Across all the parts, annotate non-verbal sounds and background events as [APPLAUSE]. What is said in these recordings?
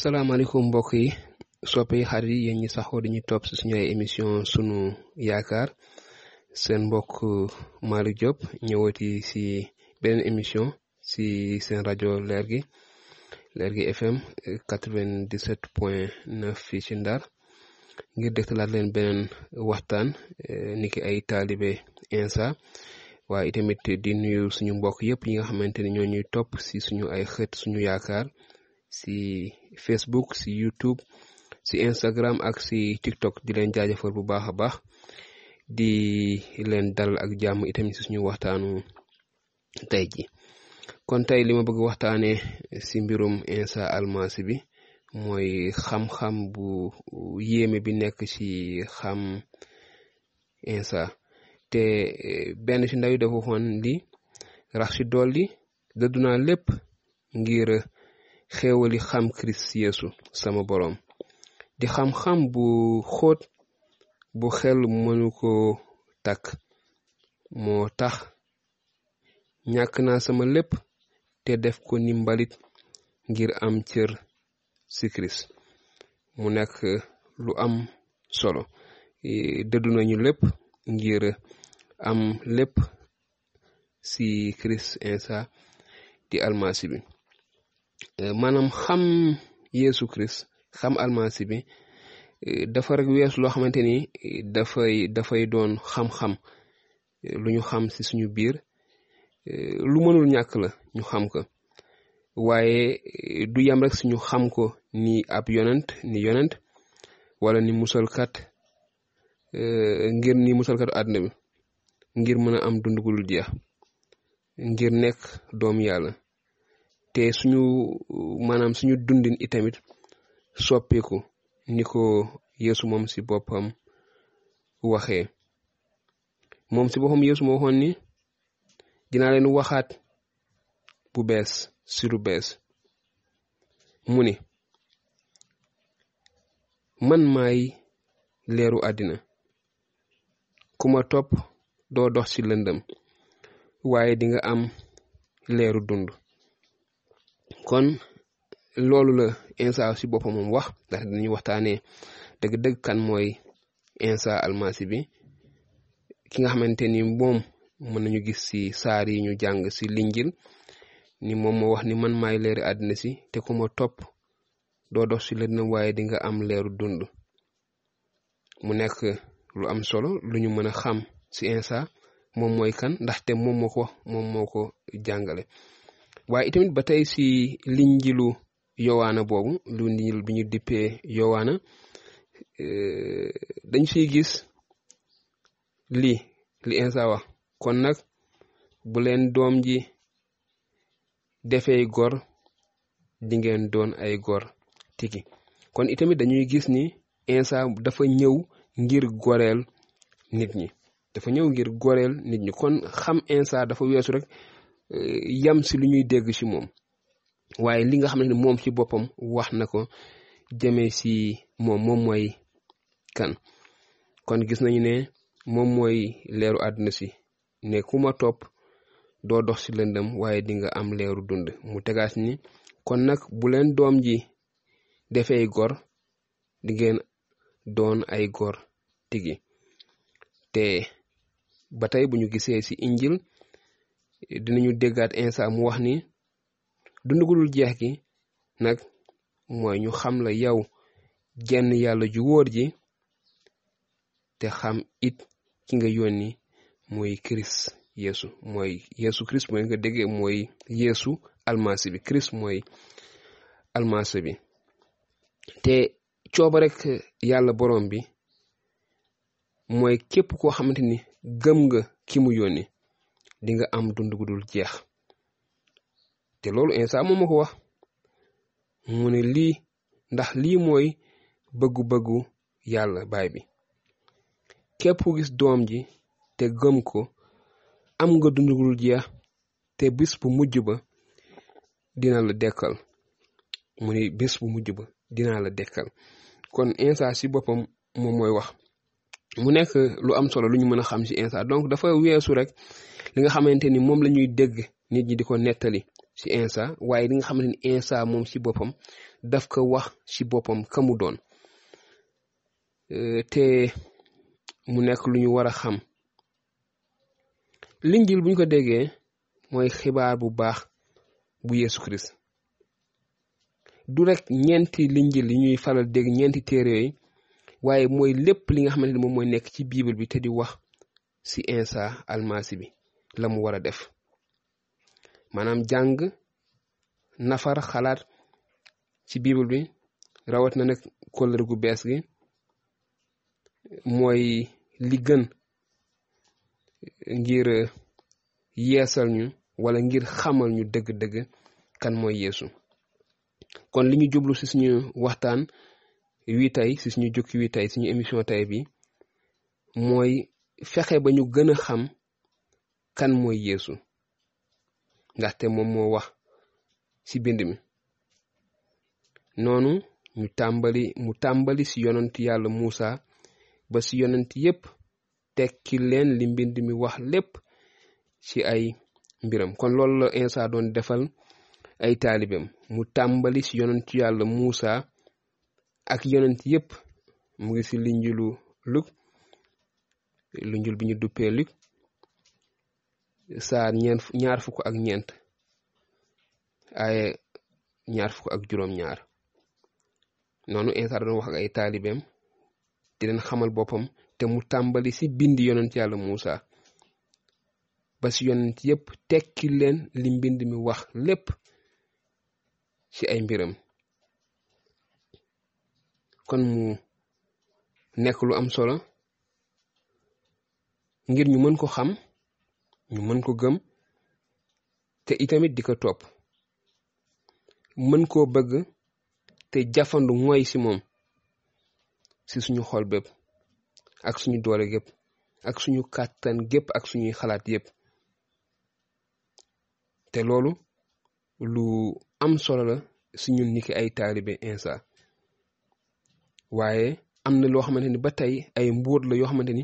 salaamaaleykum mbokk yi soppe yi xarit yi yéen ñi saxoo dañuy topp si suñu ay émission suñu yaakaar seen mbokk Malick Diop ñëwati si beneen émission si seen rajo leer gi leer gi FM 97 point 9 fii ci Ndar ngir dégtalaat leen beneen waxtaan eh, niki ay taalibe insa waaye itamit di nuyu suñu mbokk yëpp yi nga xamante ni ñoo ñuy topp si suñu ay xët suñu yaakaar. si Facebook si YouTube si Instagram ak si TikTok di len jaajeufal bu baax baax di len dal ak jamm itam ci suñu waxtaanu lima ji kon tay lima bëgg waxtaané si mbirum Insa Almasi bi moy xam-xam bu yéeme bi nekk ci xam Insa te ben ci ndaw yi dafa xon li rax ci dolli lepp ngir xéewali xam Christ Yeesu sama borom di xam-xam bu xóot bu xel mënu ko takk moo tax ñàkk naa sama lépp te def ko ni mbalit ngir am cër si Christ mu nekk lu am solo e, dëddu nañu lépp ngir am lépp si Christ insa di almasi bi Euh, maanaam xam Yeesu Christ xam almasi bi euh, dafa rek weesu loo xamante ni dafay dafay doon xam-xam euh, lu ñu xam ci suñu biir lu mënul ñàkk la ñu xam ko waaye du yam rek suñu xam ko ni ab yonent ni yonent wala ni musal musalkat ngir ni musalkatu àdduna bi ngir mën a am dund gu dul ngir nekk doomu yàlla te suñu maanaam suñu dundin itamit soppeeku ni ko yeesu moom si boppam waxee moom si boppam yeesu moo waxoon ni dinaa leen waxaat bu bees si lu bees mu ni man maay leeru àddina ku ma topp doo ci lëndëm waaye di am leeru dund kon loolu la Insa si boppam moom wax ndax dañuy waxtaanee dëgg kan mooy Insa almasi bi ki nga xamante ni moom mën nañu gis si saar yi ñu jàng si linjil ni moom moo wax ni man maay leeri àddina si te ku ma topp doo dox si lëndëm waaye di nga am leeru dund mu nekk lu am solo lu ñu mën a xam si Insa moom mooy kan ndaxte moom moo ko moom moo ko jàngale waaye itamit ba tey si li linjilu yowaana boobu lu njil bi ñu dippee yowaana euh, dañ si gis lii li insa wax kon nag bu leen doom ji defee gor di ngeen doon ay gor tiki kon itamit dañuy gis ni insa dafa ñëw ngir goreel nit ñi dafa ñëw ngir goreel nit ñi kon xam insa dafa weesu rek Euh, yam si lu ñuy dégg ci moom waaye li nga xam ni moom ci boppam wax na ko jëmee si moom moom mooy kan kon gis nañu ne moom mooy leeru àdduna si ne ku topp doo dox ci lëndëm waaye dinga am leeru dund mu tegaas ni kon nag bu leen doom ji defee gor di doon ay gor tigi te ba tey bu ñu gisee ci injil dinañu déggaat instant mu wax ni dund gu dul jeex ki nag mooy ñu xam la yow jenn yàlla ju wóor ji te xam it ki nga yónni mooy Christ Yeesu mooy Yeesu Christ mooy nga déggee mooy Yeesu almasi bi Christ mooy almasi bi te cooba rek yàlla borom bi mooy képp koo xamante ni gëm nga ki mu yónni dinga am dund gu jeex te loolu Insa moom ma ko wax mu ne lii ndax lii mooy bëggu-bëggu yàlla baay bi képp ku gis doom ji te gëm ko am nga dund jeex te bis bu mujj ba dina la dekkal mu ne bis bu mujj ba dina la dekkal kon Insa si boppam moom mooy wax mu nekk lu am solo lu ñu mën a xam si insa donc dafa weesu rek li nga xamante ni moom lañuy ñuy dégg nit ñi di ko nettali si insa waaye li nga xamante ni insta moom si boppam daf ko wax si boppam ka doon euh, te mu nekk lu ñu war a xam linjil bu ñu ko déggee mooy xibaar bu baax bu Yeesu Christ du rek ñeenti linjil yi ñuy faral dégg ñeenti téere yooyu waaye mooy lépp li nga xamante ne moom mooy nekk ci bible bi te di wax si Insa almasi bi lamu mu war a def maanaam jàng nafar xalaat ci bible bi rawat na nag kóllëre gu bees gi mooy li gën ngir yeesal ñu wala ngir xamal ñu dëgg-dëgg kan mooy yeesu kon li ñu jublu si suñu waxtaan wii tey si suñu jukk wii tey suñu émission tey bi mooy fexe ba ñu gën a xam kan mooy yéesu ndaxte moom moo wax si bind mi noonu ñu tàmbali mu tàmbali si yonent yàlla Muusa ba si yonent yépp tekki leen li mbind mi wax lépp ci ay mbiram kon loolu la Insa doon defal ay taalibeem mu tàmbali si yonent yàlla Muusa ak yonent yépp mu ngi si linjulu Luk linjul bi ñu duppee Luk saar ñaar fukk ak ñeent aaye ñaar fukk ak juróom-ñaar noonu Insa doon wax ay taalibeem di leen xamal boppam te mu tàmbali si bind yonent yàlla Muusa ba si yonent yépp tekki leen li mbind mi wax lépp ci ay mbiram kon mu nekk lu am solo ngir ñu mën ko xam ñu mën ko gëm te itamit di ko topp mën koo bëgg te jafandu mooy si moom si suñu xool bépp ak suñu doole gépp ak suñu kàttan gépp ak suñuy xalaat yépp te loolu lu am solo la ci ñun niki ay taalibe insa waaye am na loo xamante ni ba tey ay mbóot la yoo xamante ni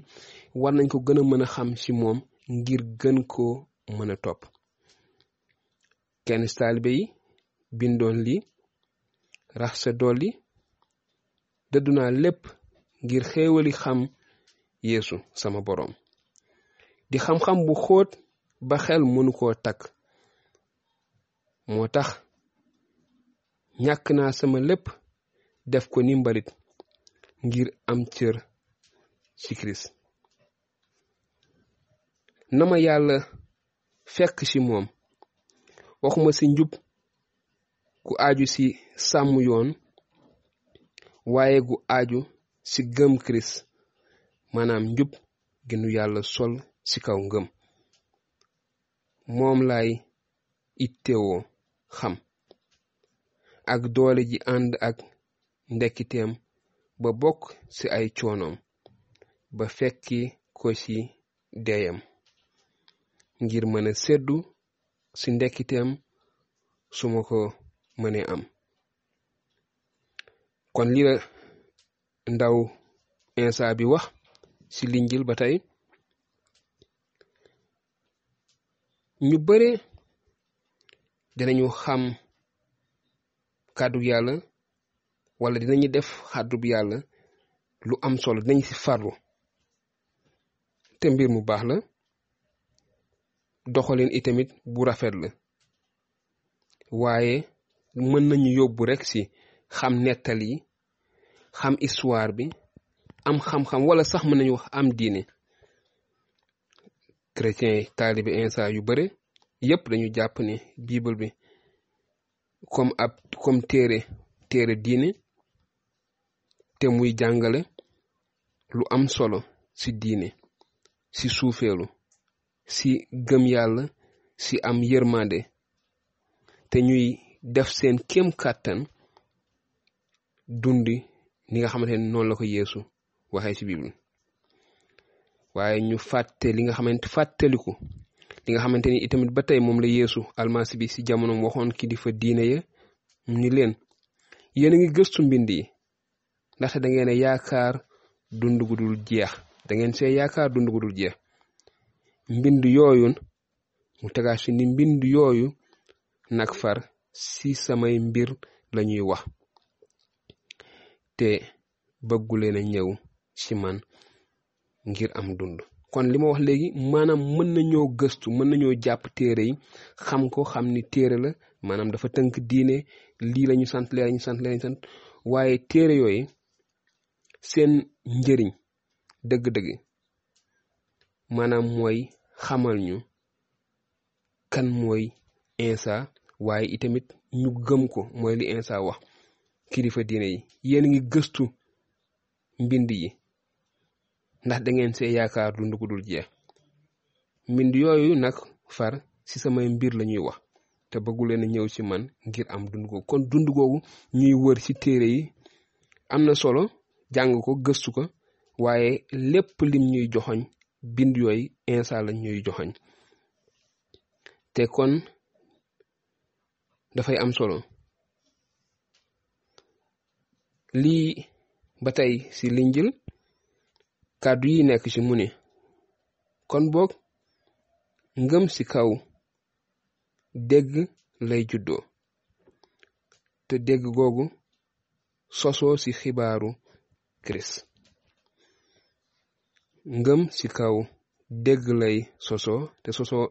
war nañ ko gën a mën a xam ci moom ngir gën koo mën a topp kenn si taalibe yi bindoon li rax sa dolli dëddu naa lépp ngir xéewali xam yéesu sama boroom di xam-xam bu xóot ba xel mënu koo takk moo tax ñàkk naa sama lépp def ko ni mbalit ngir am cër ci Kirist na yàlla fekk ci moom waxuma ci njub gu aaju ci sàmm yoon waaye gu aaju ci gëm Kirist maanaam njub gi yàlla sol ci kaw ngëm moom lay ittewoo xam ak doole ji ànd ak ndekkiteem ba bokk ci ay coonoom ba fekki ko ci deyam ngir mën a seddu ci ndekkiteem su ko mënee am kon li ndaw insa bi wax ci linjil ba tey ñu bare dinañu xam kàddu yàlla wala dinañu def xaddu bu yàlla lu am solo dañ ci farlu te mbir mu baax la doxalin itamit bu rafet la waaye mën nañu yóbbu rek ci xam nettali yi xam histoire bi am xam-xam wala sax mën nañu wax am diine chrétien yi taalibe insa yu bare yépp dañu jàpp ni bible bi comme ab comme téere téere diine te muy jàngale lu am solo ci diine ci suufeelu si gëm yàlla si am yërmande te ñuy def seen kem kàttan dundi ni nga xamante ne noonu la ko yeesu waxee ci bible waaye ñu fàtte li nga xamante fàttaliku li nga xamante ni itamit ba tey moom la yeesu almasi bi ci jamonoom waxoon kilifa diine ya ni leen yéen a ngi gëstu mbind yi ndaxte da ngeen yaakaar dund gu dul jeex dangeen ngeen see yaakaar dund gu dul jeex mbind yooyu mu tegaat si ni mbind yooyu nag far si samay mbir lañuy wax te bëggu leen a ñëw si man ngir am dund kon li ma wax léegi maanaam mën nañoo gëstu mën nañoo jàpp téere yi xam ko xam ni téere la maanaam dafa tënk diine lii lañu sant lee la ñu sant lee la ñu sant waaye téere yooyu seen njëriñ dëgg-dëgg maanaam mooy xamal ñu kan mooy insa waaye itamit ñu gëm ko mooy li insa wax kilifa diine yi yéen ngi gëstu mbind yi ndax da ngeen see yaakaar lu dul jeex mbind yooyu nag far ci samay mbir lañuy wax te bëggu leen ñëw ci man ngir am dund googu kon dund googu ñuy wër ci téere yi am na solo jàng ko gëstu ko waaye lépp lim ñuy joxoñ bind yooyu instant lañ ñuy joxoñ te kon dafay am solo lii ba tey ci liñ kàddu yi nekk ci mu ni kon boog ngëm ci kaw dégg lay juddoo te dégg googu sosoo ci xibaaru Kirist ngëm ci kaw dégg lay sosoo te sosoo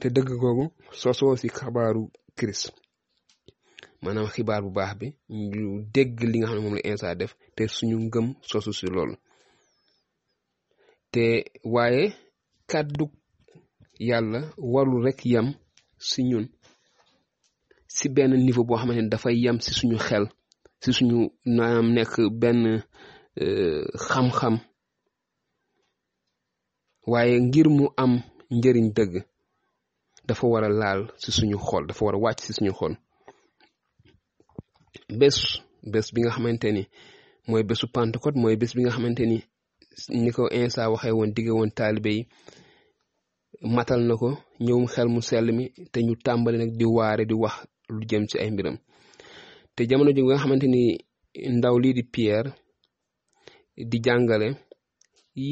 te dëgg googu sosoo ci xabaaru Kirist maanaam xibaar bu baax bi ñu dégg li nga xam ne moom la Insa def te suñu ngëm sosu si loolu te waaye kàddu yàlla warul rekk yam ci ñun ci benn niveau boo xamante ni dafay yam ci suñu xel ci suñu naam nekk benn E, xam-xam waaye ngir mu am njëriñ dëgg dafa war a laal ci suñu xool dafa war a wàcc ci suñu xool bés bés bi nga xamante ni mooy bésu Pentecôte mooy bés bi nga xamante ni ni ko Insa woon digge woon taalibe yi matal na ko ñëwum xel mu sell mi te ñu tàmbali nag di waare di wax lu jëm ci ay mbiram te jamono ji nga xamante ni ndaw lii di Pierre di jàngale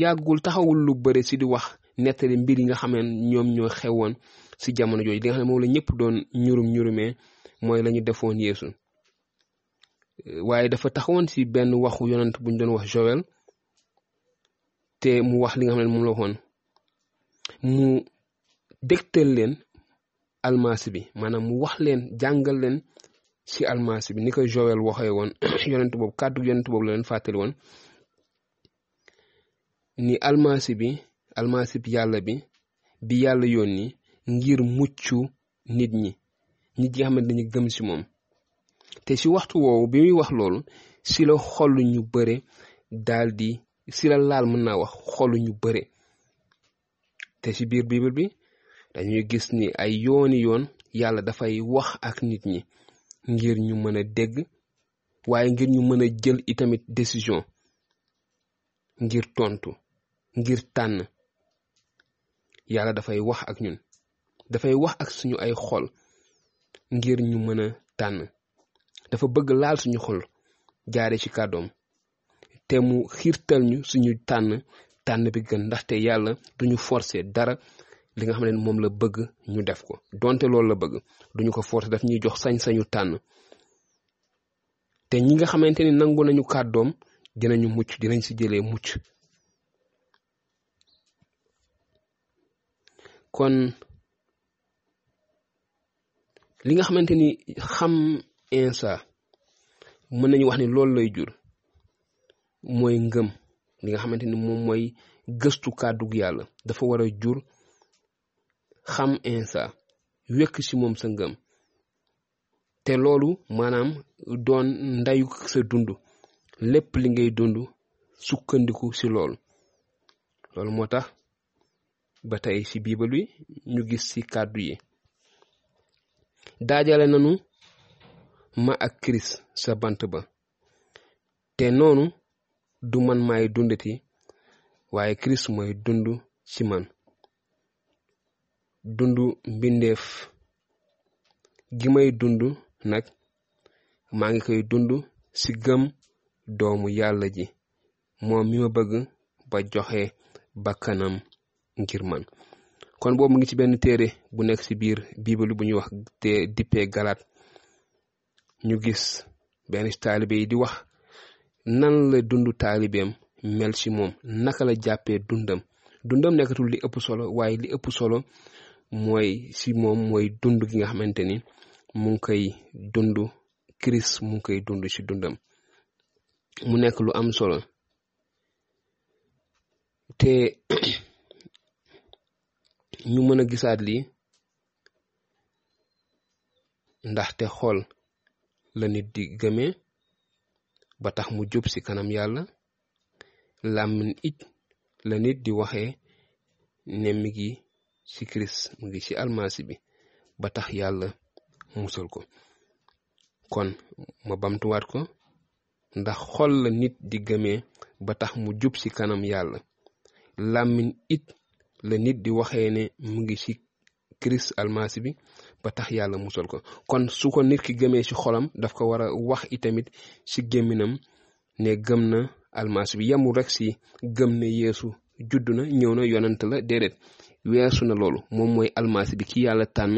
yàggul taxawul lu bëri si di wax nettali mbir yi nga xam ne ñoom ñoo woon si jamono jooju di nga xam ne moom la ñëpp doon ñurum ñurumee mooy la ñu defoon yeesu waaye dafa taxawoon si benn waxu yonant bu doon wax Joël te mu wax li nga xam ne moom waxoon mu leen almasi bi maanaam mu wax leen jàngal leen si almasi bi ni ko Joël waxee woon [CLEARS THROAT] yonent boobu kàddu yonent boobu la leen fàttali woon ni almasi bi almasi yàlla bi bi yàlla yónni ngir mucc nit ñi nit yi xamante dañu gëm ci moom te ci waxtu woowu bi muy wax loolu ci la xolu ñu bëre daldi ci la laal mën naa wax xolu ñu bëre te ci biir bible bi dañuy gis ni ay yooni yoon yàlla dafay wax ak nit ñi ngir ñu mën dégg waaye ngir ñu mën a jël itamit décision ngir tontu ngir tànn yàlla dafay wax ak ñun dafay wax ak suñu ay xol ngir ñu mën a tànn dafa bëgg laal suñu xol jaare ci kàddoom te mu xiirtal ñu suñu tànn tànn bi gën ndaxte yàlla duñu forcer dara li nga xam ne moom la bëgg ñu def ko donte loolu la bëgg duñu ko forcer daf ñuy jox sañ-sañu tànn te ñi nga xamante ni nangu nañu kàddoom ñu mucc dinañ si jëlee mucc kon li nga xamante ni xam insa mën nañu wax ni loolu lay jur mooy ngëm li nga xamante ni moom mooy gëstu kàddug yàlla dafa war a jur xam insa wekk ci moom sa ngëm te loolu maanaam doon ndayu sa dund lépp li ngay dund sukkandiku ci loolu loolu moo tax bata ye si bibalu yi ñu gis si kàddu yi daajale nanu ma ak kiris sa bant ba te noonu du man may dundati waaye kiris mooy dund ci man dund mbindeef gi may dund nag maa ngi koy dund si gëm doomu yàlla ji moom mi ma bëgg ba joxe bakkanam ngir man kon boobu mu ngi ci benn téere bu nekk ci biir biibali bu ñuy wax te dippee galaat ñu gis benn taalibe yi di wax nan la dundu taalibeem mel ci moom naka la jàppee dundam dundam nekkatul li ëpp solo waaye li ëpp solo mooy ci mooy dund gi nga xamante ni mu ngi koy dund Christ mu dund ci dundam nekk lu am solo te ñu mën a gisaat lii ndaxte xol la nit di gëmee ba tax mu jub ci kanam yàlla làmmiñ it la nit di waxee ne ngi ci Christ mu ngi ci almasi bi ba tax yàlla musal ko kon ma bamtuwaat ko ndax xol la nit di gëmee ba tax mu jub ci kanam yàlla làmmiñ it la nit di waxee ne mu ngi ci Christ almasi bi ba tax yàlla musal ko kon su ko nit ki gëmee ci xolam daf ko war a wax itamit ci gémminam ne gëm na almasi bi yemul rekk ci gëm ne yeesu judd na ñëw na yonant la déedéet weesu na loolu moom mooy almasi bi ki yàlla tànn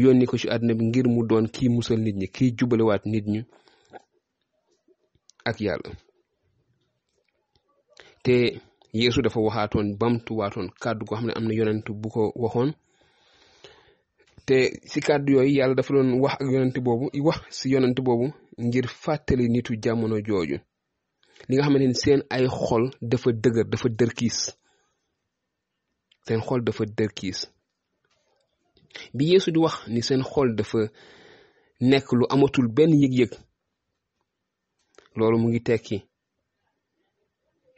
yónni ko ci àdduna bi ngir mu doon kii musal nit ñi kii jubalewaat nit ñi ak yàlla te yeesu dafa waxaatoon bamtuwaatoon kàddu goo xam ne am na yonent bu ko waxoon te si kàddu yooyu yàlla dafa doon wax ak yonent boobu wax si yonent boobu ngir fàttali nitu jamono jooju li nga xamante ni seen ay xol dafa dëgër dafa dërkiis seen xool dafa dërkiis bi yeesu di wax ni seen xool dafa nekk lu amatul benn yëg-yëg loolu mu ngi tekki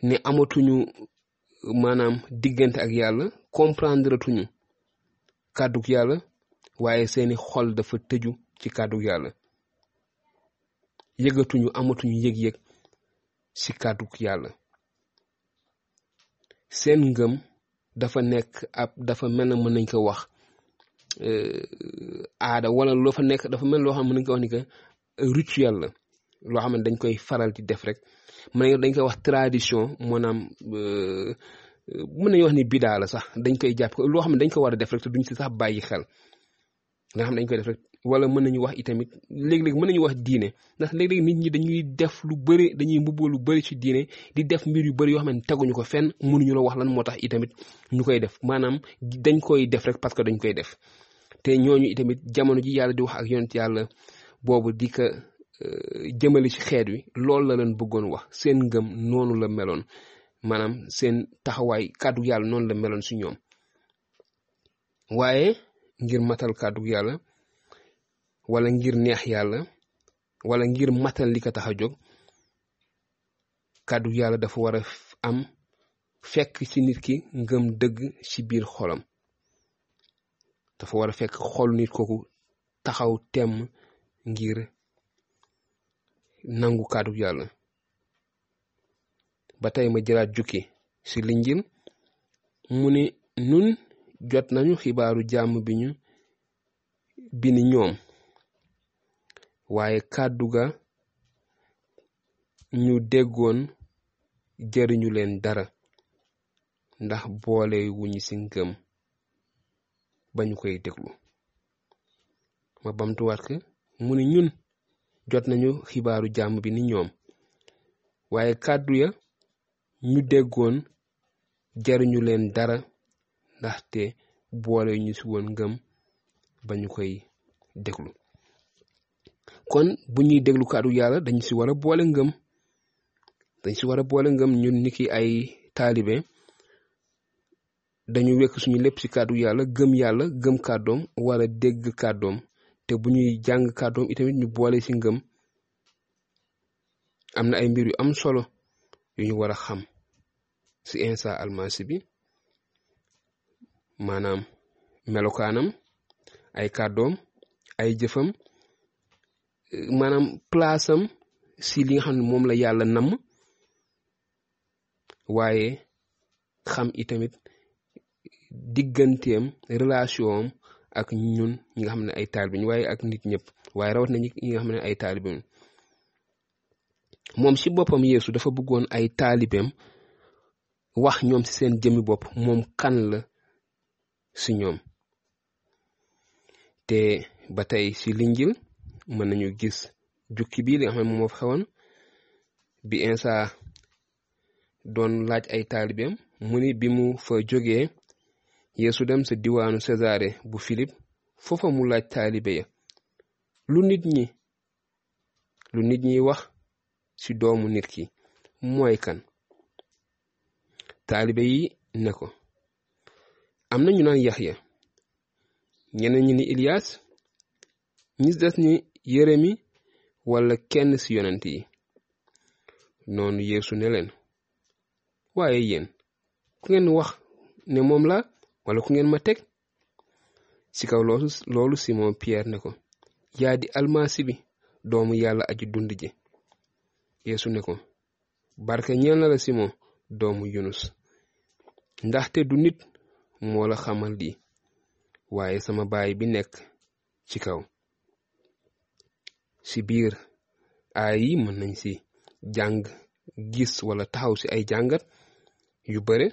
ne amatuñu maanaam diggante ak yàlla comprendre tuñu kàddug yàlla waaye seeni xol dafa tëju ci kàddug yàlla yëgatuñu amatuñu yëg-yëg ci kàddug yàlla seen ngëm dafa nekk ab dafa mel na mën nañ ko wax euh, aada wala loo fa nekk dafa mel loo xam ne nañ ko wax ni que loo xam ne dañ koy faral di def rek mën nañu dañ koy wax tradition maanaam euh, mën nañu wax ni bidaa la sax dañ koy jàpp loo xam ne dañ ko war a def rek te duñ si sax bàyyi xel nga xam dañ koy def rek wala mën nañu wax itamit léeg-léeg mën nañu wax diine ndax léeg nit ñi dañuy def lu bëri dañuy mbubboo lu bëri ci diine di def mbir yu bëri yoo xam ne teguñu ko fenn mënuñu la wax lan moo tax itamit ñu koy def maanaam dañ koy def rek parce que dañ koy def te ñooñu itamit jamono ji yàlla di wax ak yonent yàlla boobu di ko Euh, jëmale ci xeet wi loolu la leen bëggoon wax seen ngëm noonu la meloon maanaam seen taxawaay kàddu yàlla noonu la meloon si ñoom waaye ngir matal kàddu yàlla wala ngir neex yàlla wala ngir matal li ko tax a jóg kàddu yàlla dafa war a am fekk ci nit ki ngëm dëgg ci biir xolam dafa war a fekk xol nit kooku taxaw temm ngir nangu kàddu yàlla ba tey ma jëlaat jukki ci linjil mu ni nun jot nañu xibaaru jàmm bi ñu bi ni ñoom waaye kàddu ga ñu déggoon jëriñu leen dara ndax boole wuñu ci ngëm ba ñu koy déglu ma bamtuwaat ko mu ni ñun jot nañu xibaaru jàmm bi ni ñoom waaye kàddu ya ñu déggoon jariñu leen dara ndaxte boole ñu si woon ngëm ba ñu koy déglu kon bu ñuy déglu kàddu yàlla dañ si war a boole ngëm dañ si war a boole ngëm ñun niki ay taalibe dañu wekk suñu lépp ci kàddu yàlla gëm yàlla gëm kàddoom war dégg kàddoom te bu ñuy jàng kàddoom itamit ñu boole si ngëm am na ay mbir yu am solo yu ñu war a xam si Isa almasi bi maanaam melokaanam ay kaddoom ay jëfam maanaam plaasam si li nga xam moom la yàlla namm waaye xam itamit digganteem relation am ak ñun ñi nga xam ne ay taalibe ñu waaye ak nit ñëpp waaye rawat na ñi nga xam ne ay taalibe moom si boppam yeesu dafa bëggoon ay taalibeem wax ñoom si seen jëmi bopp moom kan la si ñoom te ba tey si linjil mën nañu gis jukki bi li nga xam ne moom moo xewoon bi insa doon laaj ay taalibeem mu ni bi fa jógee yeesu dem sa diwaanu Césarée bu Philippe foofa mu laaj taalibe ya lu nit ñi lu nit ñi wax ci doomu nit ki mooy kan taalibe yi ne ko am na ñu naan Yaxya ñeneen ñi ni Ilias ñi des ni Yeremi walla kenn ci yonent yi noonu yeesu ne leen waaye ku ngeen wax ne moom la wala ku ngeen ma teg ci kaw loolu loolu Simon Pierre ne ko yaa di almasi bi doomu yàlla aji dund ji Yeesu ne ko barke ñeel na la Simon doomu Yunus ndaxte du nit moo xamal di waaye sama baay bi nekk ci kaw ci biir aay yi mën nañ ci jàng gis walla taxaw ci ay jàngat yu bare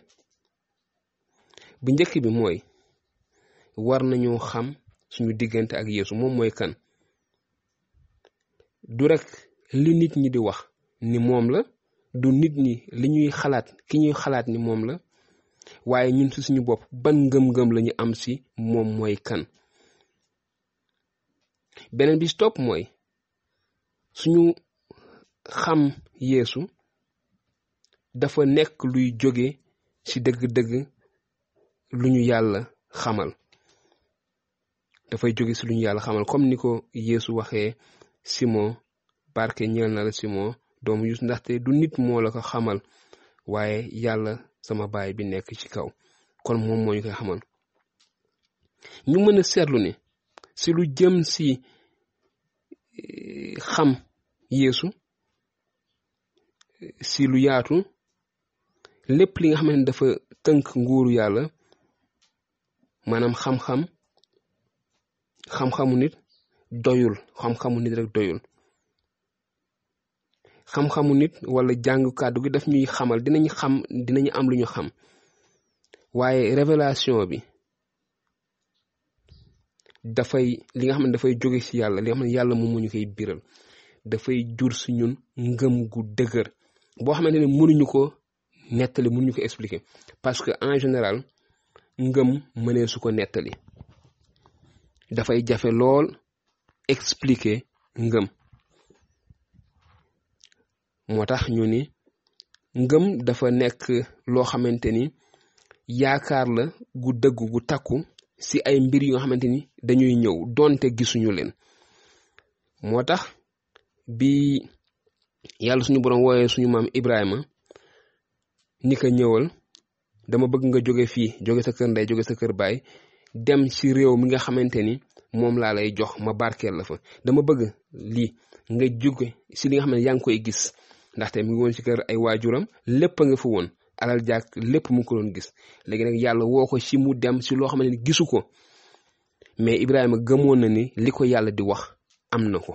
bu njëkk bi mooy war nañu xam suñu diggante ak yéesu moom mooy kan du rek li nit ñi di wax ni moom la du nit ñi li ñuy xalaat ki ñuy xalaat ni moom la waaye ñun ci suñu bopp ban ngëm-ngëm lañu am ci moom mooy kan beneen bi si mooy suñu xam yéesu dafa nekk luy jóge ci dëgg-dëgg lu ñu yàlla xamal dafay jóge si lu ñu yàlla xamal comme ni ko Yeesu waxee Simon barke ñeel na la Simon doomu Yuus ndaxte du nit moo la ko xamal waaye yàlla sama baay bi nekk ci kaw kon moom moo ñu koy xamal ñu mën a seetlu ni si lu jëm si eh, xam Yeesu eh, si lu yaatu lépp li nga xamante ne dafa tënk nguuru yàlla maanaam xam-xam xam-xamu nit doyul xam-xamu nit rek nit wala jàng kàddu gi daf ñuy xamal dinañ xam dinañu am lu ñu xam waaye révélation bi dafay li nga xam ne dafay jóge ci yàlla li nga xam ne yàlla moom moo ñu koy biral dafay jur si ñun ngëm gu dëgër boo xamante ne mënuñu ko nettali mënuñu ko expliquer parce que en général ngëm mënee su ko nettali dafay jafe lool expliquer ngëm moo tax ñu ni ngëm dafa nekk loo xamante ni yaakaar la gu dëgg gu takku si ay mbir yoo xamante ni dañuy ñëw donte gisuñu leen moo tax bi yàlla suñu borom wooyee suñu maam Ibrahima ni ko ñëwal dama bëgg nga jóge fii jóge sa kër ndey jóge sa kër baay dem si réew mi nga xamante ni moom laa lay jox ma barkeel la fa dama bëgg li nga jóge si li nga xam ne yaa ngi koy gis ndaxte mu ngi woon ci kër ay waajuram lépp a nga fa woon alal jàkk lépp mu ko doon gis léegi nag yàlla woo ko ci mu dem ci loo xam ne gisu ko mais Ibrahima gëmoon na ni li ko yàlla di wax am na ko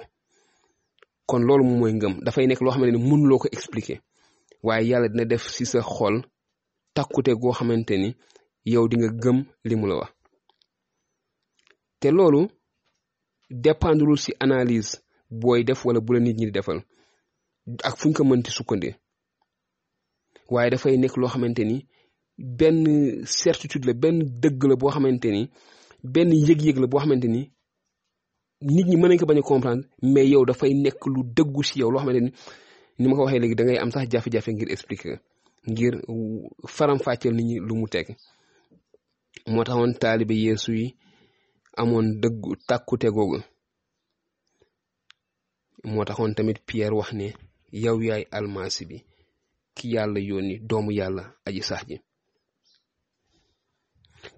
kon loolu moom mooy ngëm dafay nekk loo xam ne mënuloo ko expliquer waaye yàlla dina def si sa xol takkute goo xamante ni yow di nga gëm li mu la wax te loolu dépendrul si analyse booy def wala bu la nit ñi di defal ak fu ñu ko mënti sukkandi waaye dafay nekk loo xamante ni benn certitude la benn dëgg la boo xamante ni benn yëg-yëg la boo xamante ni nit ñi mën nañ ko bañ a comprendre mais yow dafay nekk lu dëggu si yow loo xamante ni ni ma ko waxee léegi da ngay am sax jafe-jafe ngir expliquer ngir faram-fàcceel nit ñi lu mu teg moo taxoon taalibe yeesu yi amoon dëggu tàkkute googu moo taxoon tamit Pierre wax ne yow yaay almasi bi ki yàlla yónni doomu yàlla aji sax ji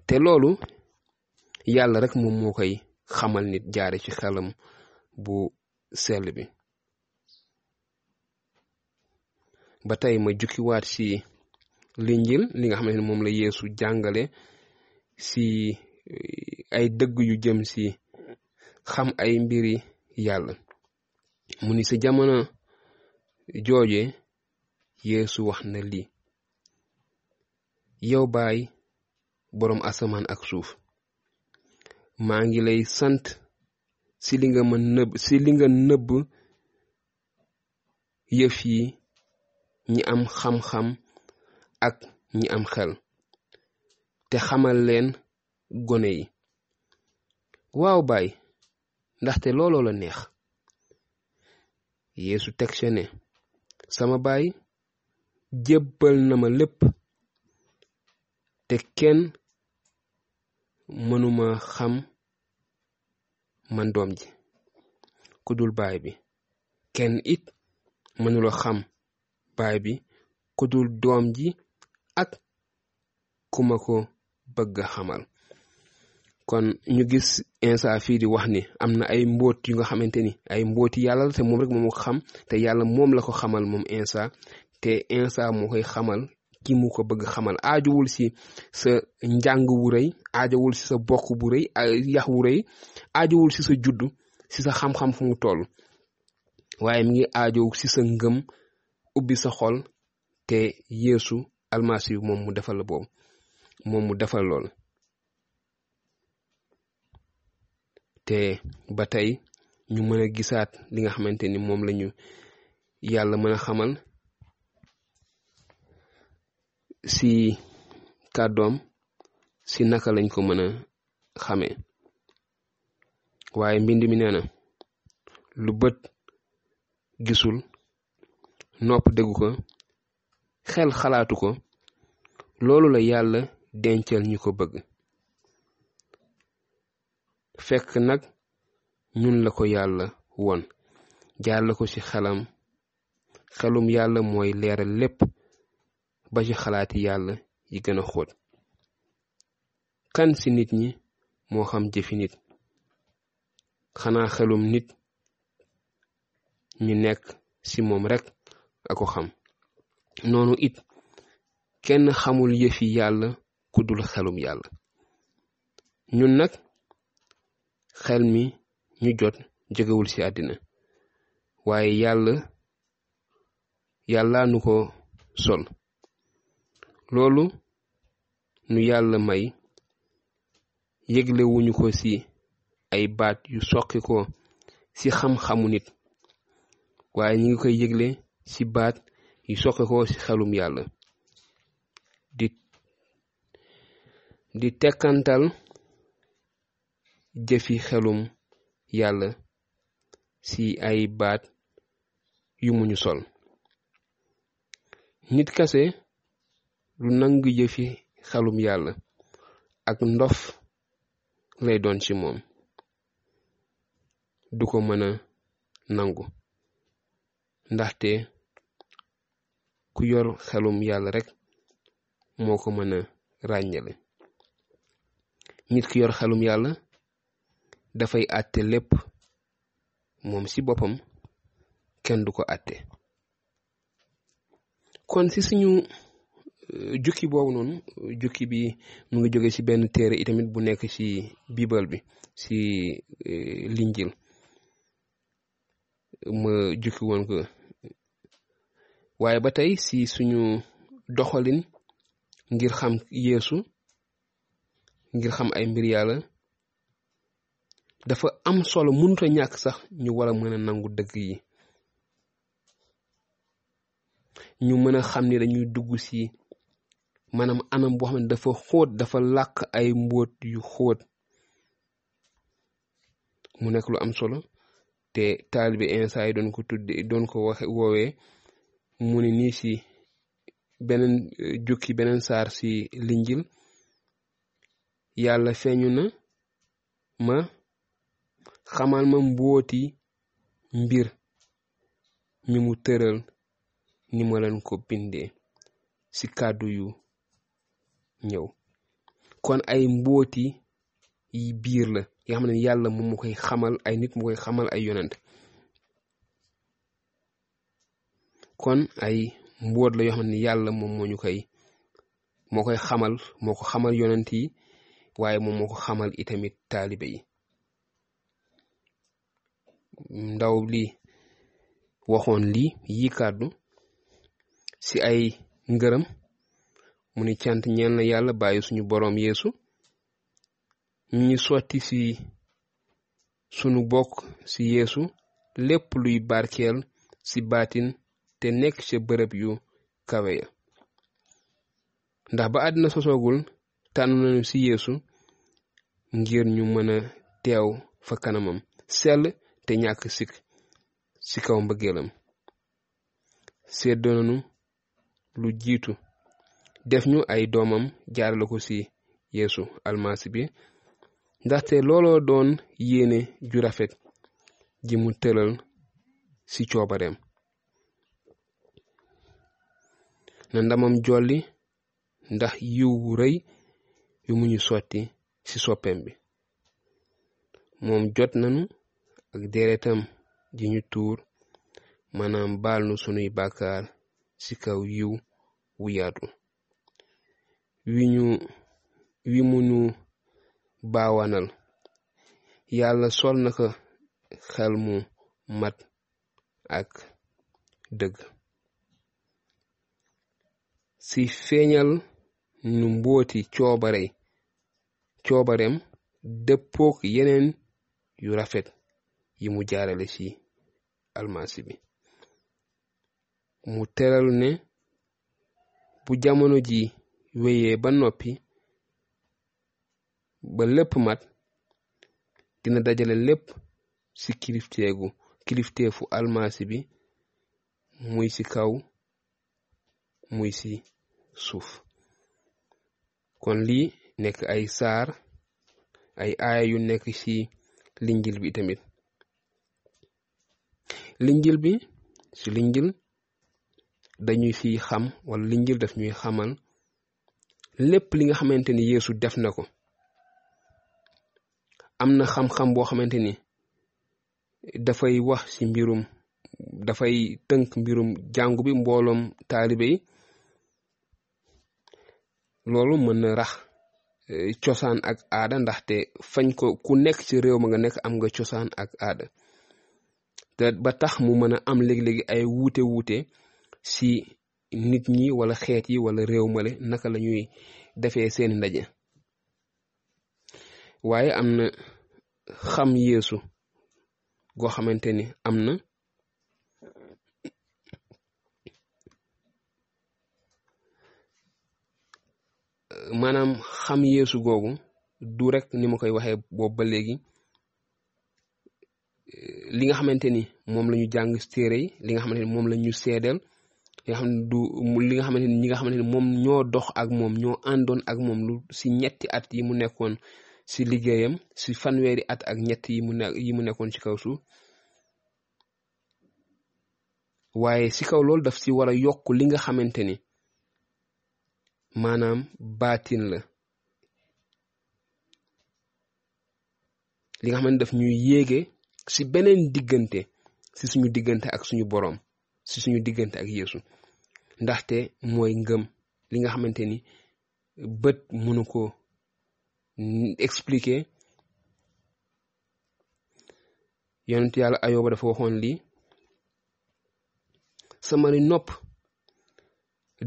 te loolu yàlla rek moom moo koy xamal nit jaare ci xelam bu sell bi ba tey ma jukkiwaat si linjil li nga xamante ne moom la yeesu jàngale si eh, ay dëgg yu jëm si xam ay mbiri yàlla mu ni sa jamono jooje yeesu wax na lii yow boroom asamaan ak suuf maa ngi lay sant si li nga ma nëbb si li nga nëbb yëf yi ñi am xam-xam ak ñi am xel te xamal leen gone yi waaw baay ndaxte looloo la neex Yeesu teg ne sama baay jébbal na ma lépp te kenn mënuma xam man doom ji ku dul baay bi kenn it mënula xam baay bi ku doom ji ak ku ma ko bëgg a xamal kon ñu gis insa fii di wax ni am na ay mbóot yu nga xamante ni ay mbóoti yàlla la te moom rek moom ko xam te yàlla moom la ko xamal moom insa te insa mu koy xamal ki mu ko bëgg xamal aajowul si sa njàng wu rëy aajowul si sa bokk bu rëy yax wu rëy aajowul si sa juddu ci sa xam-xam fu mu tol waaye mi ngi aajow si sa ngëm ubbi sa xol te yeesu almasiw moom mu defal la boobu moom mu defal lool te ba tey ñu mën a gisaat li nga xamante ni moom lañu yàlla mën a xamal si kàddoom si naka lañ ko mën a xame waaye mbind mi nee na lu bët gisul nopp déggu ko xel xalaatu ko loolu la yàlla dencal ñi ko bëgg fekk nag ñun la ko yàlla won jàll ko ci xelam xelum yàlla mooy leeral lépp ba ci xalaati yàlla yi gën a xóot kan ci nit ñi moo xam jëfi nit xanaa xelum nit mi nekk ci moom rekk a ko xam noonu it kenn xamul yëfi yàlla kudul xelum yàlla ñun nag xel mi ñu jot jegewul ci àddina waaye yàlla yàlla nu ko sol loolu nu yàlla may yëglewuñu ko ci ay baat yu soqi ci xam-xamu nit waaye ñu ngi koy yëgle ci baat yu soqikoo ci xelum yàlla di di jëfi xelum yàlla ci ay baat yu mu ñu sol nit kase lu nangu jëfi xelum yàlla ak ndof lay doon ci moom du ko mën a nangu ndaxte ku yor xelum yàlla rek moo ko mën a ràññale nit ku yor xelum yàlla dafay àtte lépp moom ci boppam kenn du ko atte kon si suñu euh, jukki boobu noonu jukki bi mu ngi jóge ci benn téere itamit bu nekk ci biibal bi si euh, linjil ma jukki woon ko waaye ba tey si suñu doxalin ngir xam yéesu ngir xam ay mbir dafa am solo mënuta ñàkk sax ñu war a mën a nangu dëgg yi ñu mën a xam ni dañuy dugg si maanaam anam boo xam ne dafa xóot dafa làkk ay mbóot yu xóot mu nekk lu am solo te taalibe insa yi doon ko tuddee doon ko waxe woowee mu ni nii si beneen eh, jukki beneen saar si linjil yàlla feeñu na ma xamal ma mbóoti mbir mi mu tëral ni ma leen ko bindee si kàddu yu ñëw kon ay mbóoti yi biir la yoo xam ne yàlla mu koy xamal ay nit mu koy xamal ay yonent kon ay mboot la yoo xam yàlla moom moo koy moo koy xamal moo ko xamal yonent yi waaye moom moo ko xamal itamit taalibe yi ndaw li waxoon li yi kàddu si ay ngërëm mu ni cant ñeel na yàlla bàyyi suñu borom yeesu ñu sotti si sunu bokk si yeesu lépp luy barkeel si baatin te nekk ca bërëb yu kawe ya ndax ba àddina sosoogul tànn nañu ci yeesu ngir ñu mën a teew fa kanamam sell te ñàkk sikk ci kaw mbëggeelam séddoo nañu lu jiitu def ñu ay doomam jaarale ko ci yeesu almasi bi ndaxte looloo doon yéene ju rafet ji mu tëral ci coobareem na ndamam jolli ndax yiw wu rëy yu mu ñu sotti ci soppeem bi moom jot nanu ak deretam ji ñu tuur maanaam baal nu sunuy bàkkaar ci kaw yiw wu yaatu wi ñu wi mu ñu baawanal yàlla sol naka xel mu mat ak dëgg si feeñal nu mbooti coobare coobareem dëppook yeneen yu rafet yi mu jaarale ci almasi bi mu teral ne bu jamono ji wéyee ba noppi ba lépp mat dina dajale lépp ci kilifteegu kilifteefu almasi bi muy ci kaw muy ci suuf kon lii nekk ay saar ay aaya yu nekk ci linjil bi tamit linjil bi ci linjil dañuy fi xam wala linjil daf ñuy xamal lépp li nga xamante ni yeesu def na ko am na xam-xam boo xamante ni dafay wax ci mbirum dafay tënk mbirum jàngu bi mbooloom taalibe loolu mën na rax e, cosaan ak aada ndaxte fañ ko ku nekk ci réew ma nga nekk am nga cosaan ak aada te ba tax mu mën a am léegi-léegi ay wuute wuute si nit ñi wala xeet yi wala réew male naka lañuy defee seeni ndaje waaye am na xam yéesu goo xamante ni am na maanaam xam yéesu googu du rek ni ma koy waxee boobu ba léegi li nga xamante ni moom la ñu jàng téere yi li nga xamante ni moom lañu ñu seedeel li nga xam ne du li nga xamante ni ñi nga xamante ni moom ñoo dox ak moom ñoo àndoon ak moom lu si ñetti at yi mu nekkoon si liggéeyam si fanweeri at ak ñett yi mu yi mu nekkoon ci kaw suuf waaye si kaw loolu daf si war a yokk li nga xamante maanaam baatin la li nga xam ne daf ñuy yéege ci beneen diggante ci suñu diggante ak suñu boroom ci suñu diggante ak Yeesu ndaxte mooy ngëm li nga xamante ni bët mënu ko expliquer yonent yàlla ayooba dafa waxoon lii samari nopp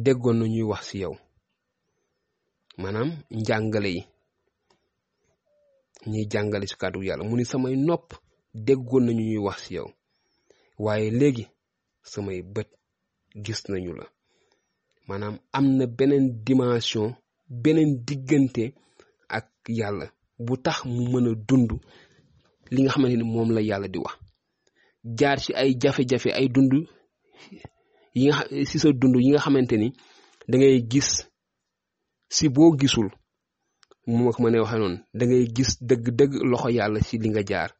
déggoon na ñuy wax ci yow maanaam njàngale yi ñuy jàngale si kàddu yàlla mu ni samay nopp déggoon nañu ñuy wax ci yow waaye léegi samay bët gis nañu la maanaam am na beneen dimension beneen diggante ak yàlla bu tax mu mën a dund li nga xamante ni moom la yàlla di wax jaar ci ay jafe-jafe ay dund yi nga yi nga xamante ni da gis si boo gisul mu ak ma ne waxee noonu da ngay gis dëgg-dëgg loxo yàlla ci li nga jaar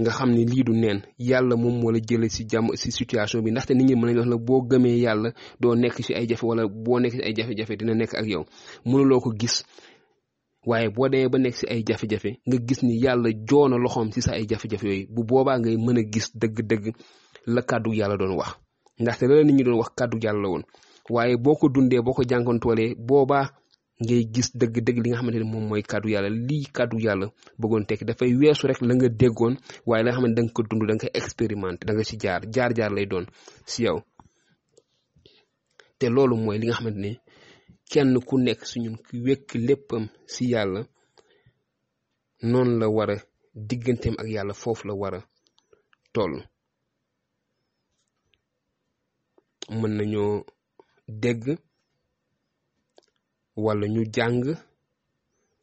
nga xam ni lii du neen yàlla moom moo la jëlee ci jàmm si situation bi ndaxte ni ñi mën nañu wax la boo gëmee yàlla doo nekk si ay jafe boo nekk ay jafe dina nekk ak yow mënuloo ko gis waaye boo demee ba nekk ci ay jafe-jafe nga gis ni yàlla joona loxoom ci sax ay jafe-jafe yooyu bu boobaa ngay mën a gis dëgg-dëgg la kàddu yàlla doon wax ndaxte la la nit ñi doon wax kàddu yàlla la woon waaye boo ko dundee boo ko jànkantoolee boobaa ngay gis dëgg-dëgg li nga xamante ne moom mooy kàddu yàlla lii kàddu yàlla bëggoon tekki dafay weesu rek la nga déggoon waaye la nga xam ne da ko dund da nga ko expérimenté da nga ci jaar jaar-jaar lay doon si yow te loolu mooy li nga xamante ni kenn ku nekk si ñun ku wékk léppam si yàlla noonu la war a digganteem ak yàlla foofu la war a toll mën nañoo dégg wala ñu jàng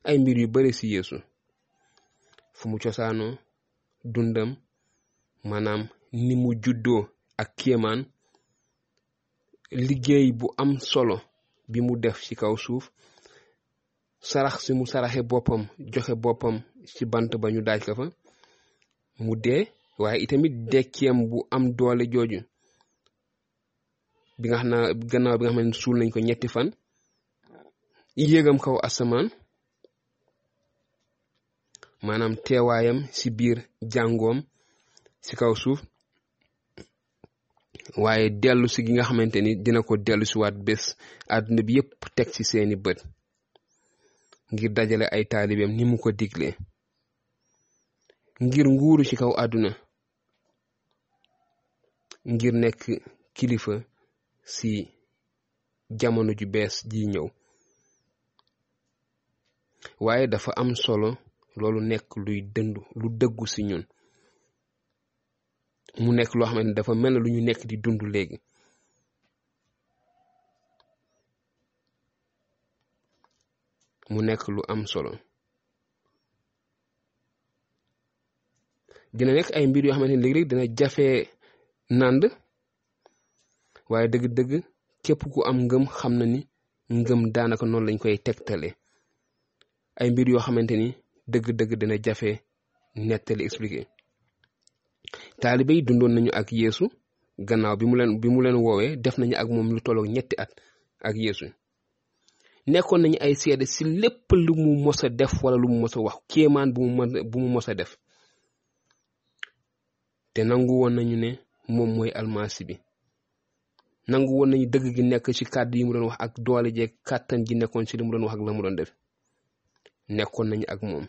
ay mbir yu bari ci yeesu fu mu cosaanoo dundam maanaam ni mu juddoo ak kéemaan liggéey bu am solo bi mu def ci kaw suuf sarax si mu saraxe boppam joxe boppam ci bant ba ñu daaj ko fa mu dee waaye itamit dekkeem bu am doole jooju bi nga xam bi nga xam ne suul nañ ko ñetti fan yéegam kaw asamaan maanaam teewaayam ci biir jàngoom ci kaw suuf waaye dellu si gi nga xamante ni dina ko dellu si waat bés àdduna bi yépp teg ci seeni bët ngir dajale ay taalibeem ni mu ko diglee ngir nguuru ci kaw àdduna ngir nekk kilifa si jamono ju bees ji ñëw waaye dafa am solo loolu nekk luy dëndu lu dëggu si ñun mu nekk loo xamante ne dafa mel ne lu ñu nekk di dundu léegi mu nekk lu am solo dina nekk ay mbir yoo xamante ne léeg-léeg dina jafe nand waaye dëgg-dëgg képp ku am ngëm xam na ni ngëm daanaka noonu lañ koy tegtale ay mbir yoo xamante ni dëgg-dëgg dina jafe nettali expliqué taalibe yi dundoon nañu ak yéesu gannaaw bi mu leen bi mu leen woowee def nañu ak moom lu tollook ñetti at ak yeesu nekkoon nañu ay seede si lépp lu mu mos def wala lu mu mos a wax kéemaan bu mu bu def te nangu woon nañu ne moom mooy almasi bi nangu woon nañu dëgg gi nekk ci kàddu yi mu doon wax ak doole jeeg kàttan ji nekkoon ci li mu doon wax ak la doon def nekkoon nañu ak moom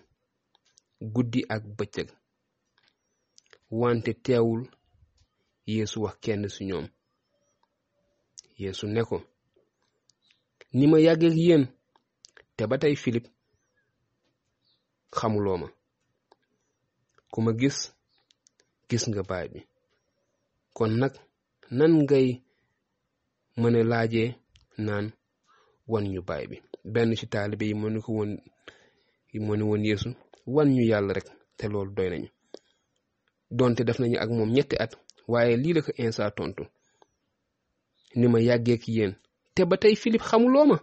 guddi ak bëccëg wante teewul yéesu wax kenn ci ñoom yéesu nekko ni ma yàggee ak yéen te ba tey Philippe xamuloo ma ku ma gis gis nga baay bi kon nag nan ngay mën a laajee naan wan ñu baay bi benn ci taalibe yi mënu ko woon mënu woon yeesu wan ñu yàlla rek te loolu doy nañu donte def nañu ak moom ñetti at waaye lii la ko insa tontu ni ma yàggee ki yéen te ba tey Philippe xamuloo ma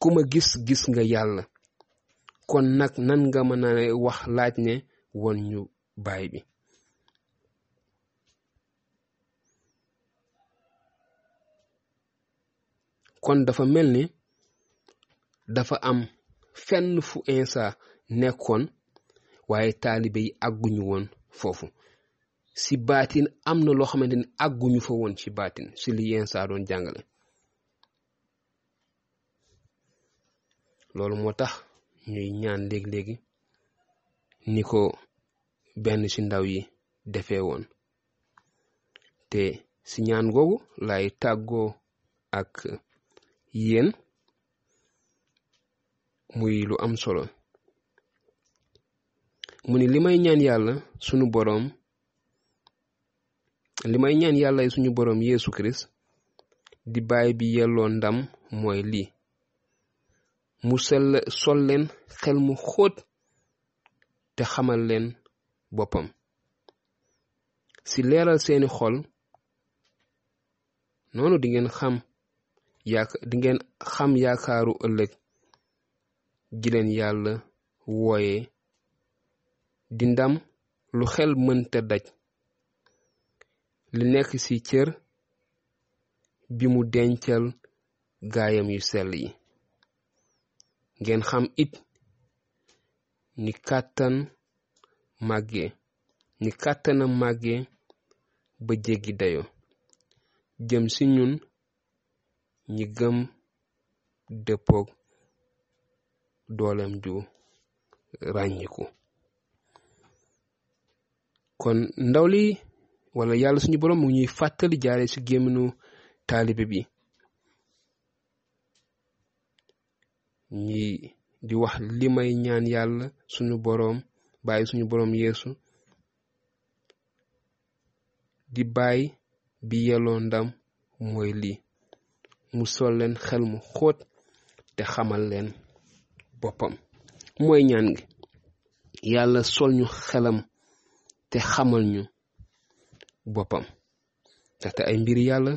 ku ma gis gis nga yàlla kon nag nan nga mën a wax laaj ne wan ñu baay bi kon dafa mel ni dafa am fenn fu Insa nekkoon waaye taalibe yi àgguñu woon foofu si baatin am na loo xamante ni àgguñu fa woon ci baatin si li Insa doon jàngale loolu moo tax ñuy ñaan léegi-léegi ni ko benn ci ndaw yi defee woon te si ñaan googu lay tàggoo ak yéen muy lu am solo mu ni li may ñaan yàlla sunu boroom limay ñaan yàlla suñu boroom yéesu Kirist di baay bi yelloo ndam mooy lii mu sell sol leen xel mu xóot te xamal leen boppam si leeral seeni xol noonu di ngeen xam dingeen xam yaakaaru ëllëg ji yàlla wooye dindam lu xel mënta daj li nekk ci cër bi mu dencal gaayam yu sell yi ngeen xam it ni kàttan màggee ni kàttanam màggee ba jéggi dayo jëm ci ñun ñi gëm dëppoog dooleem ju ràññiku kon ndaw li wala yàlla suñu borom mu ñuy fàttali jaare ci gémminu taalibe bi ñi di wax li may ñaan yàlla suñu boroom bàyyi suñu boroom yeesu di bàyyi bi yelloo ndam mooy lii mu sol leen xel mu xóot te xamal leen boppam mooy ñaan gi yàlla sol ñu xelam te xamal ñu boppam ndaxte ay mbir yàlla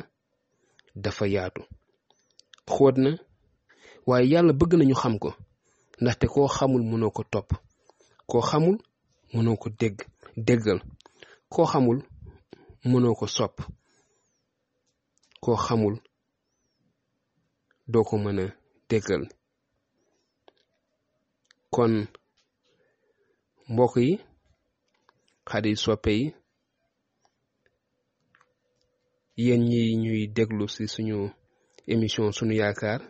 dafa yaatu xóot na waaye yàlla bëgg nañu xam ko ndaxte koo xamul mënoo ko topp koo xamul mënoo ko dégg déggal koo xamul mënoo ko sopp koo xamul doo ko mën a tekkal kon mbokk yi xarit soppe yi yéen ñi ñuy déglu ci suñu émission suñu yaakaar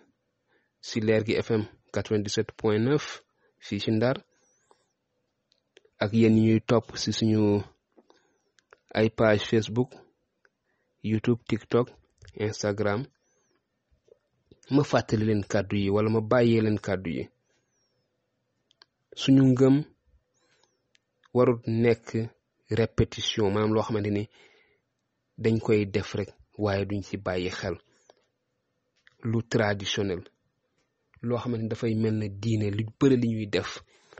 si leer gi fm 97 point fii ci ndar ak yéen ñi ñuy topp ci suñu ay page facebook youtube tiktok instagram ma fàttali leen kàddu yi wala ma bàyyee leen kàddu yi suñu ngëm warut nekk répétition maanaam loo xamante ni dañ koy def rek waaye duñ ci bàyyi xel lu traditionnel loo xamante ni dafay mel ne diine lu bëri li ñuy def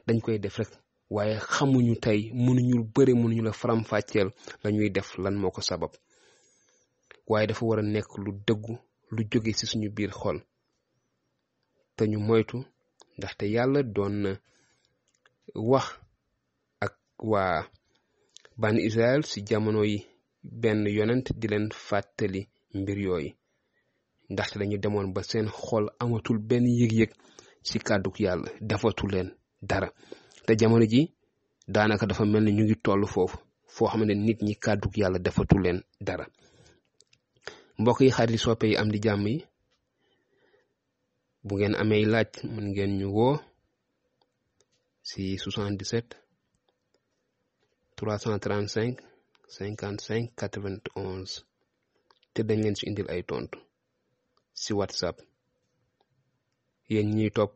dañ koy def rek waaye xamuñu tey mënuñu bëri mënuñu la faram-fàcceel lañuy def lan moo ko sabab waaye dafa war a nekk lu dëggu lu jóge ci suñu biir xol te ñu moytu ndaxte yàlla doon na wax ak waa ban Israël ci jamono yi benn yonent di leen fàttali mbir yooyu ndaxte dañu demoon ba seen xol amatul benn yëg-yëg ci kàdduk yàlla defatul leen dara te jamono ji daanaka dafa mel ni ñu ngi toll foofu foo xam ne nit ñi kàdduk yàlla defatul leen dara mbokk yi xarit soppe yi am di jàmm yi bu ngeen amee laaj mën ngeen ñu woo si 77 335 55 91 te dañ leen su indil ay tontu si whatsapp yéen ñuy topp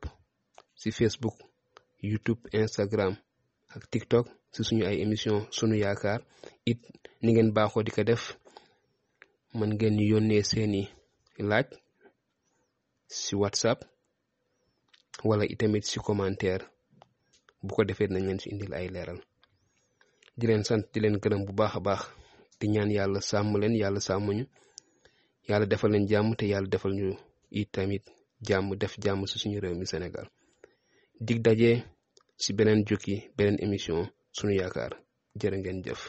si facebook youtube instagram ak tiktok si suñu ay émission sunu yaakaar it ni ngeen baaxoo di ko def mën ngeen ñu yónnee seeni laaj ci whatsapp wala itamit si commentaire bu ko defee nañ leen si indil ay leeral di leen sant di leen gërëm bu baax a baax di ñaan yàlla sàmm leen yàlla sàmm ñu yàlla defal leen jàmm te yàlla defal ñu itamit jàmm def jàmm si suñu réew mi Sénégal dig daje si beneen jukki beneen émission sunu yaakaar jërë ngeen jëf